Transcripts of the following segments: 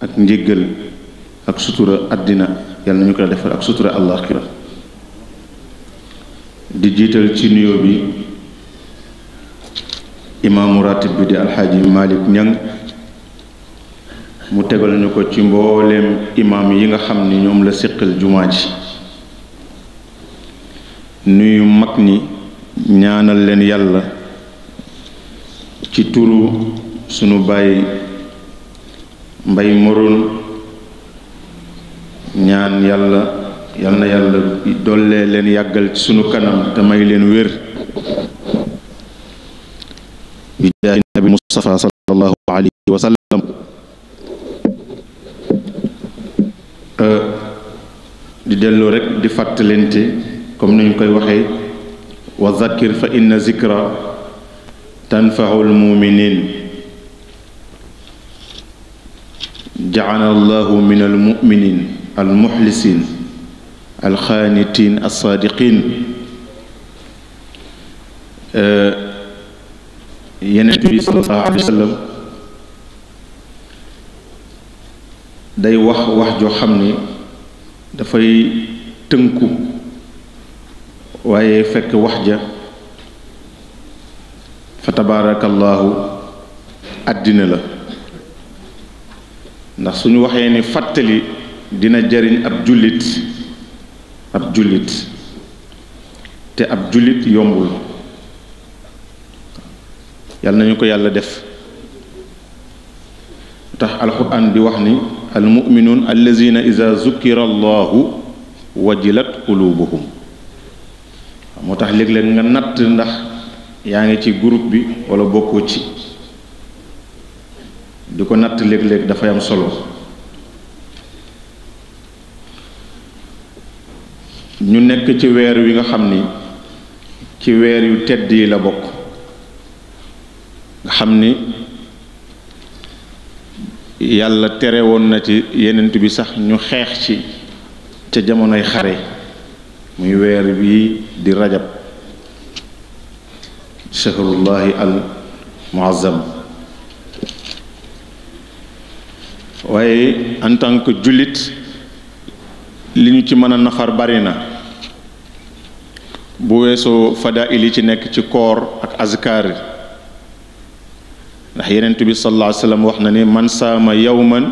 ak njéggal ak sutura àddina yàlla nañu ko defar ak sutura àllaaxira di jiital ci nuyoo bi imaamu ratib bi di alxaaji Malick Ñang mu tegal ñu ko ci mboolem imaam yi nga xam ni ñoom la séqal jumaa ji nuyu mag ñi ñaanal leen yàlla ci turu sunu bàyyi mbay murun ñaan yàlla yalla yàlla dolle len yagal ci sunu kanam te may len wér bi nabi mustafa sallallahu alayhi wa sallam di delloo rek di fàttalente comme niñ koy waxé wa zakir fa inna zikra tanfaul muminin جعلنا الله من المؤمنين المحلسين الخانتين الصادقين آه، يا نبي صلى الله عليه وسلم داي واخ واخ جو خامني دا فاي تنكو وايي فك واخ جا فتبارك الله ادنا له ndax suñu waxee ni fàttali dina jariñ ab jullit ab jullit te ab jullit yombul yàlla nañu ko yàlla def tax alquran bi wax ni almuminuun allazina ida zukira allahu wajilat qulubuhum moo tax léeg-léeg nga natt ndax yaa ngi ci groupe bi wala bokkoo ci di ko natt léeg-léeg dafay am solo ñu nekk ci weer wi nga xam ni ci weer yu tedd yi la bokk nga xam ni yàlla tere woon na ci yenent bi sax ñu xeex ci ca jamonoy xare muy weer bi di rajab shahrullahi al muazzam waaye en tant que jullit li ñu ci mën a nafar bari na bu weesoo fadaa il ci nekk ci koor ak azkaar ndax yenent bi sallallahu alayhi wax na ni man saama yawman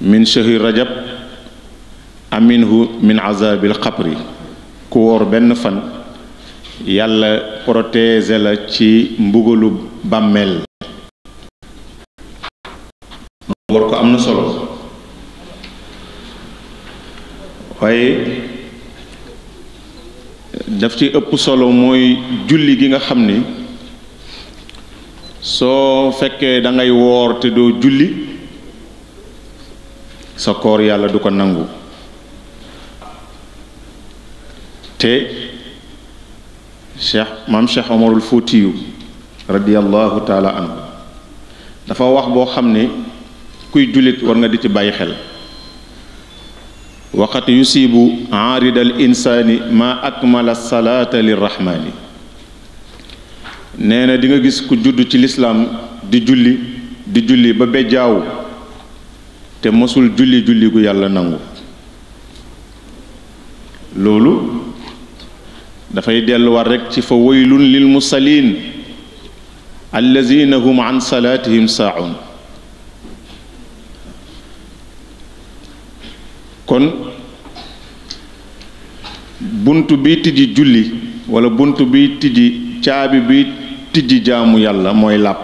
min shahri rajab aminhu min azabil xabri ku woor benn fan yàlla protéger la ci mbugalu bàmmeel kooku am na solo waaye daf ci ëpp solo mooy julli gi nga xam ni soo fekkee da ngay woor te doo julli sa koor yàlla du ko nangu te cheikh cheikh omarul fóotiyu radiallahu taala anhu dafa wax boo kuy jullit war nga di ci bàyyi xel waxat yusibu aaridal insaani ma akmala salaata lirrahmaani nee na di gis ku judd ci lislaam di julli di julli ba bejjaaw te mosul julli julli gu yàlla nangu loolu dafay delluwaat rekk ci fa waylun lil musallin allazina hum an salaatihim saaun kon buntu bi tijji julli wala buntu bi tijji caabi bi tijji jaamu yàlla mooy lab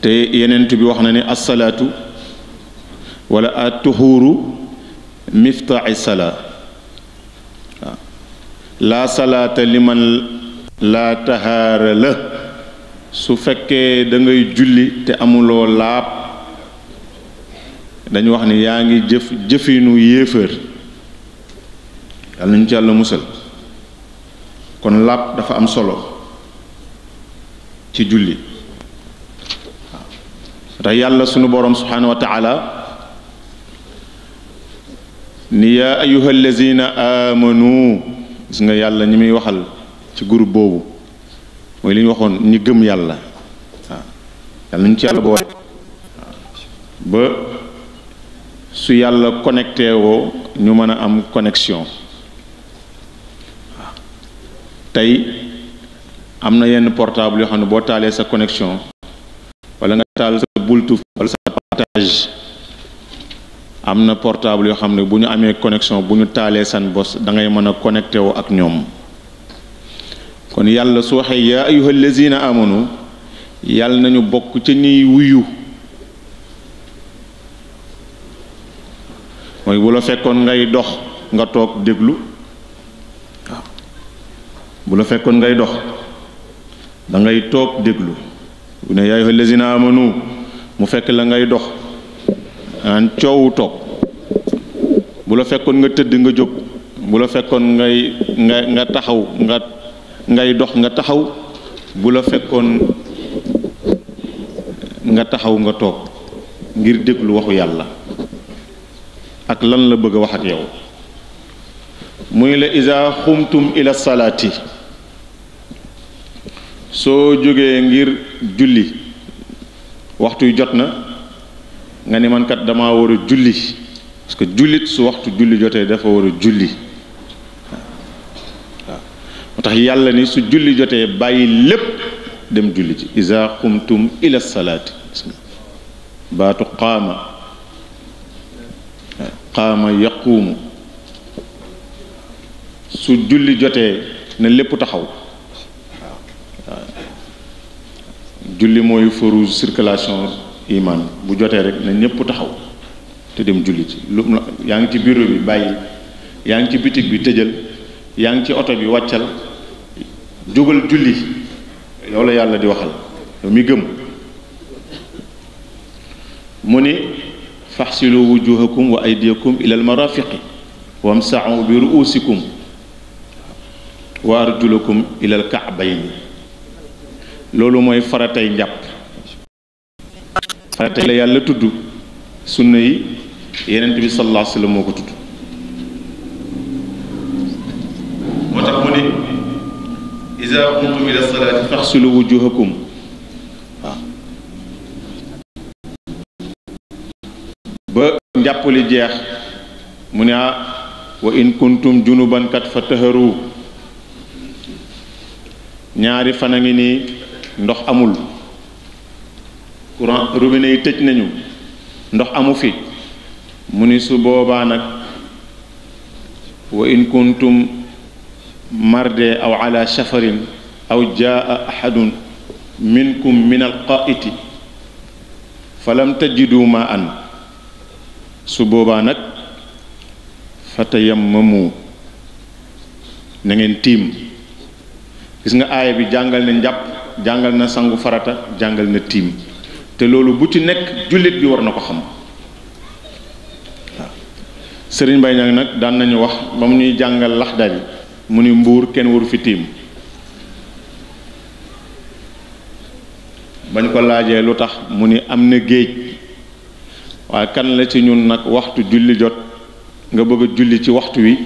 te yenent bi wax na ne assalaatu wala atuhuru miftaxi sala la salaata liman laa tahaara la su fekkee da ngay julli te amuloo laab dañu wax ni yaa ngi jëf jëfinu yéefër yàlla nañu ci yàlla musal kon làpp dafa am solo ci julli waaw tax yàlla sunu boroom subhaanahu wa taala ni yaa ayuha allazina amanu gis nga yàlla ñi muy waxal ci groupe boobu mooy li waxoon ñi gëm yàlla waaw yàlla nañu ci yàlla boole ba su yàlla connecté woo ñu mën a am connexion tey am na yenn portable yoo xam ne boo taalee sa connexion wala nga taal sa bultu wala sa partage am na portable yoo xam ne bu ñu amee connexion bu ñu taalee seen bos da ngay mën a connecté woo ak ñoom kon yàlla su waxee yaa ayyuhal lazina amanu yàlla nañu bokk ca ñuy wuyu mooy bu la fekkoon ngay dox nga toog déglu waaw bu la fekkoon ngay dox dangay toog déglu bu ne yaay lazina amanu mu fekk la ngay dox an toog bu la fekkoon nga tëdd nga jóg bu la fekkoon ngay nga nga taxaw nga ngay dox nga taxaw bu la fekkoon nga taxaw nga toog ngir déglu waxu yàlla lan la bëgg a wax ak yow muy la isa xumtum ila salaati soo jógee ngir julli waxtu yu jot na nga ni man kat war a julli parce que jullit su waxtu julli jotee dafa war a julli waaw moo tax yàlla ni su julli jotee bàyyi lépp dem julli ci isa xumtum ila salaati baatu qaama qaama yaquumu su julli jotee na lépp taxaw waaw julli mooy feu circulation iman bu jotee rek na ñépp taxaw te dem julli ci lu yaa ngi ci bureau bi bàyyi yaa ngi ci bitig bi tëjal yaa ngi ci oto bi wàccal jógal julli yow la yàlla di waxal yow mi gëm mu ni فاحسلوا وجوهكم وأيديكم إلى المرافق وامسعوا برؤوسكم وأرجلكم إلى الكعبين لولو موي فراتاي نياب فراتاي لا يالا تود سنني يننتي صلى الله عليه وسلم مكو تود متى اذا قمتم الى الصلاه فاغسلوا وجوهكم njàppali jeex mu ne ah wa in kuntum junubankat fa tëhëru ñaari fan a ngi nii ndox amul courant robinet yi tëj nañu ndox amu fi mu ni su boobaa nag wa in kuntum marde aw ala safarin aw jaa ahadun minkum min alqaa'iti falam tajidu ma an su boobaa nag fatayammamu na ngeen tiim gis nga aaya bi jàngal na njàpp jàngal na sangu farata jàngal na tiim te loolu bu ci nekk jullit bi war na ko xam sëriñ bay ñang nag daan nañu wax ba mu ñuy jàngal laxdar mu ni mbuur kenn waru fi tiim bañ ko laajee lu mu ni am na waaye kan la ci ñun nag waxtu julli jot nga bëgg julli ci waxtu wi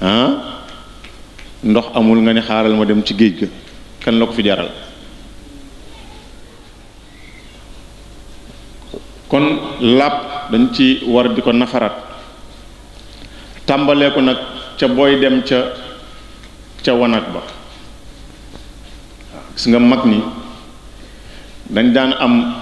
ah ndox amul nga ni xaaral ma dem ci ga kan la ko fi jaral kon lap dañ ci war di nafarat Tambal ko nag ca booy dem ca ca wanag ba gis nga mag ni dañ daan am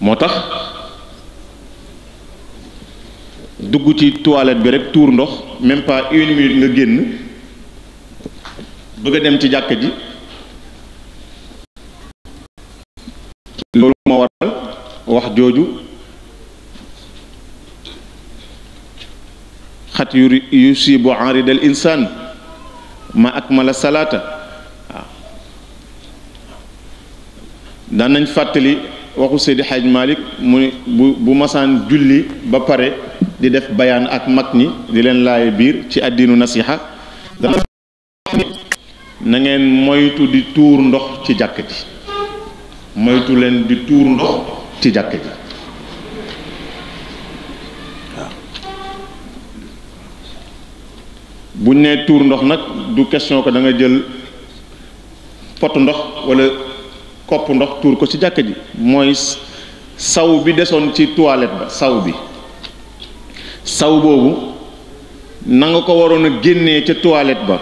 moo tax dugg ci toilette bi rek tuur ndox même pas une minute nga génn bëgg dem ci jàkka ji loolu moo waral wax jooju xat yu yusibu aridal insaan ma akmala salaata waaw daan nañ fàttali waxu Seydi xaaj Malick mu ne bu bu masaan julli ba pare di def bayaan ak mag ñi di leen laaye biir ci addinu nasiha na ngeen moytu di tuur ndox ci jàkk ji moytu leen di tuur ndox ci jàkk ji waaw buñ tuur ndox nag du question ko da jël pot ndox wala kopp ndox tuur ko ci jàkka ji mooy saw bi desoon ci toilette ba saw bi saw boobu na ko waroon a génnee toilette ba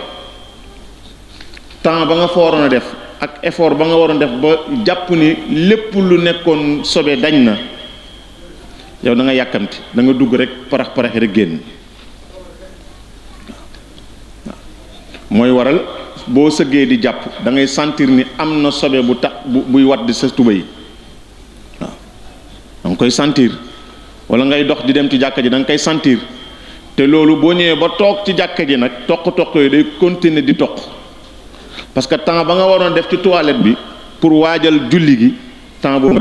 temps ba nga def ak effort ba nga waroon def ba jàpp ni lépp lu nekkoon sobe dañ na yow da nga yàkkamti da nga dugg rek parax parax rek génn mooy waral boo sëggee di jàpp da ngay sentir ni sobe bu bu buy di sa tuba yi waaw da koy sentir wala ngay dox di dem ci jàkk ji danga koy sentir te loolu boo ñëwee ba toog ci jàkk ji nag toq-toq yooyu day continuer di toq parce que temps ba nga waroon def ci toilette bi pour waajal julli gi temps boobu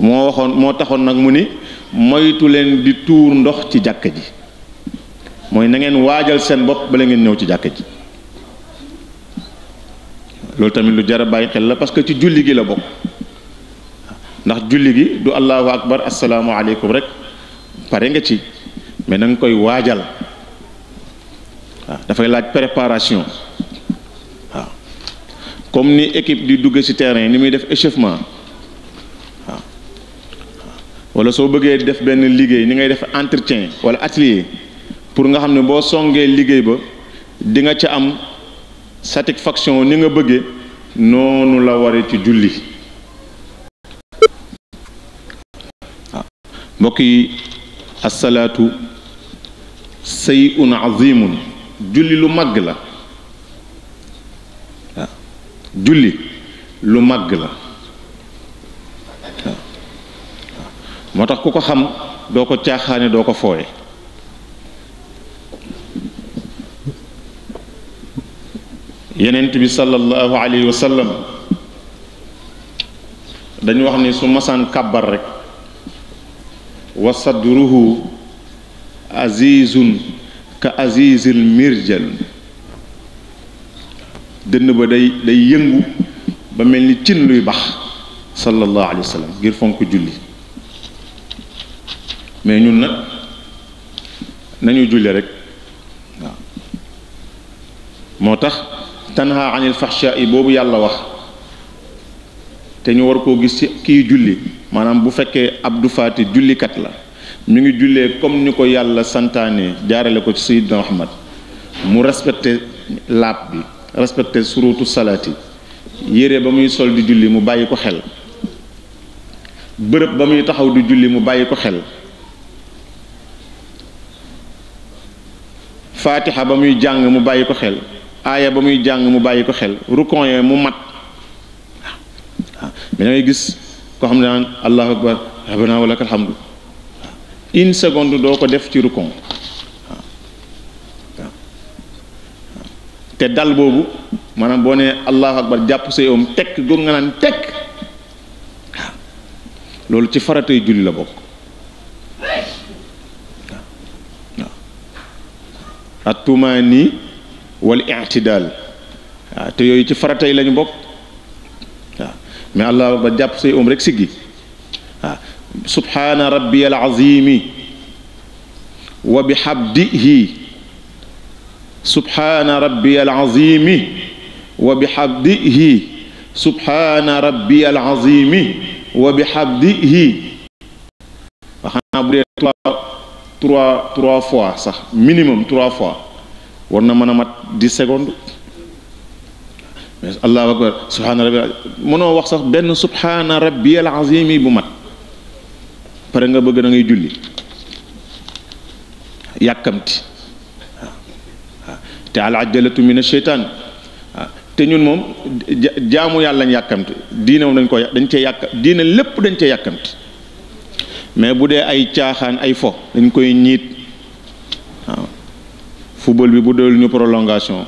moo waxoon moo taxoon nag mu ni moytu leen di tuur ndox ci jàkk ji mooy na ngeen waajal seen bopp bala ngeen ñëw ci jàkk ji loolu tamit lu jar a bàyyi xel la parce que ci julli gi la bokk ndax julli gi du allahu akbar asalaamualeykum rek pare nga ci mais na nga koy waajal waaw dafay laaj préparation waaw comme ni équipe di dugg ci terrain ni muy def échauffement waaw wala soo bëggee def benn liggéey ni ngay def entretien wala atelier pour nga xam ne boo songee liggéey ba di nga ca am. satisfaction ni nga bëggee noonu la ware ci julli waaw ah, mbokk yi asalaatu sayun azimun julli lu màgg la waaw ah, julli lu màgg la waaw ah, moo tax ku ko xam doo ko caaxaane doo ko fooye yenent bi sallallahu alayhi wa sallam dañu wax ni su masaan kàbbar rek wa sadruhu azizun ka azizil mirjal dënn ba day day yëngu ba mel ni cin luy bax sallallahu alayhi wa sallam ngir fonk julli mais ñun nag nañu julli rek waaw moo tax tanha anil fahsha yi boobu yàlla wax te ñu war koo gis ci kii julli maanaam bu fekkee abdu faati jullikat la ñu ngi jullee comme ñu ko yàlla santaane jaarale ko ci sayyidna Muhammad mu respecté laab bi respecté surutu salaati yére ba muy sol di julli mu bàyyi ko xel bërëb ba muy taxaw di julli mu bàyyi ko xel faatixa ba muy jàng mu bàyyi ko xel aaya ba muy jàng mu bàyyi ko xel rukon yooyu mu mat waaw mais da ngay gis koo xam ne naan allahu akbar rabbana wa lakal hamdu une seconde doo ko def ci rukon te dal boobu maanaam boo nee allahu akbar jàpp say om tekk goog nga loolu ci faratay julli la bokk waaw waaw wal i'tidaal waaw te yooyu ci farata yi lañu bokk waaw mais allah ba jàpp say om um rek siggi waaw subhaana rabbiyal azimi wa bihabdihi subhaana rabbiyal azimi wa bihabdihi subhaana rabbiyal azimi wa bihabdihi waxanaa bu dee trois trois trois fois sax minimum trois fois war na mën a mat di secondes mais allahu akbar subhaana rabbi mënoo wax sax benn subhaana rabbiyal azimi bu mat pare nga bëgg na ngay julli yàkkamti te al ajalatu min asheytaan te ñun moom jaamu yàlla lañ yàkkamti diine moom dañ ko dañ cee yàkka diine lépp dañ cee yàkkamti mais bu dee ay caaxaan ay fo dañ koy ñiit football bi bu doyul ñu prolongation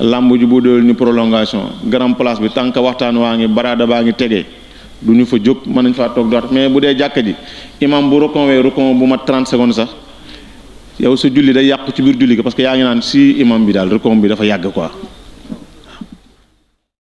làmb ji bu doyul ñu prolongation grand place bi tànk waxtaan waa ngi baraada baa ngi tege du ñu fa jóg mën nañ faa toog doot mais bu dee jàkka ji imam bu rokon wee rokon bu ma 30 secondes sax yow sa julli day yàqu ci biir julli gi parce yaa ngi naan si imam bi daal rokon bi dafa yàgg quoi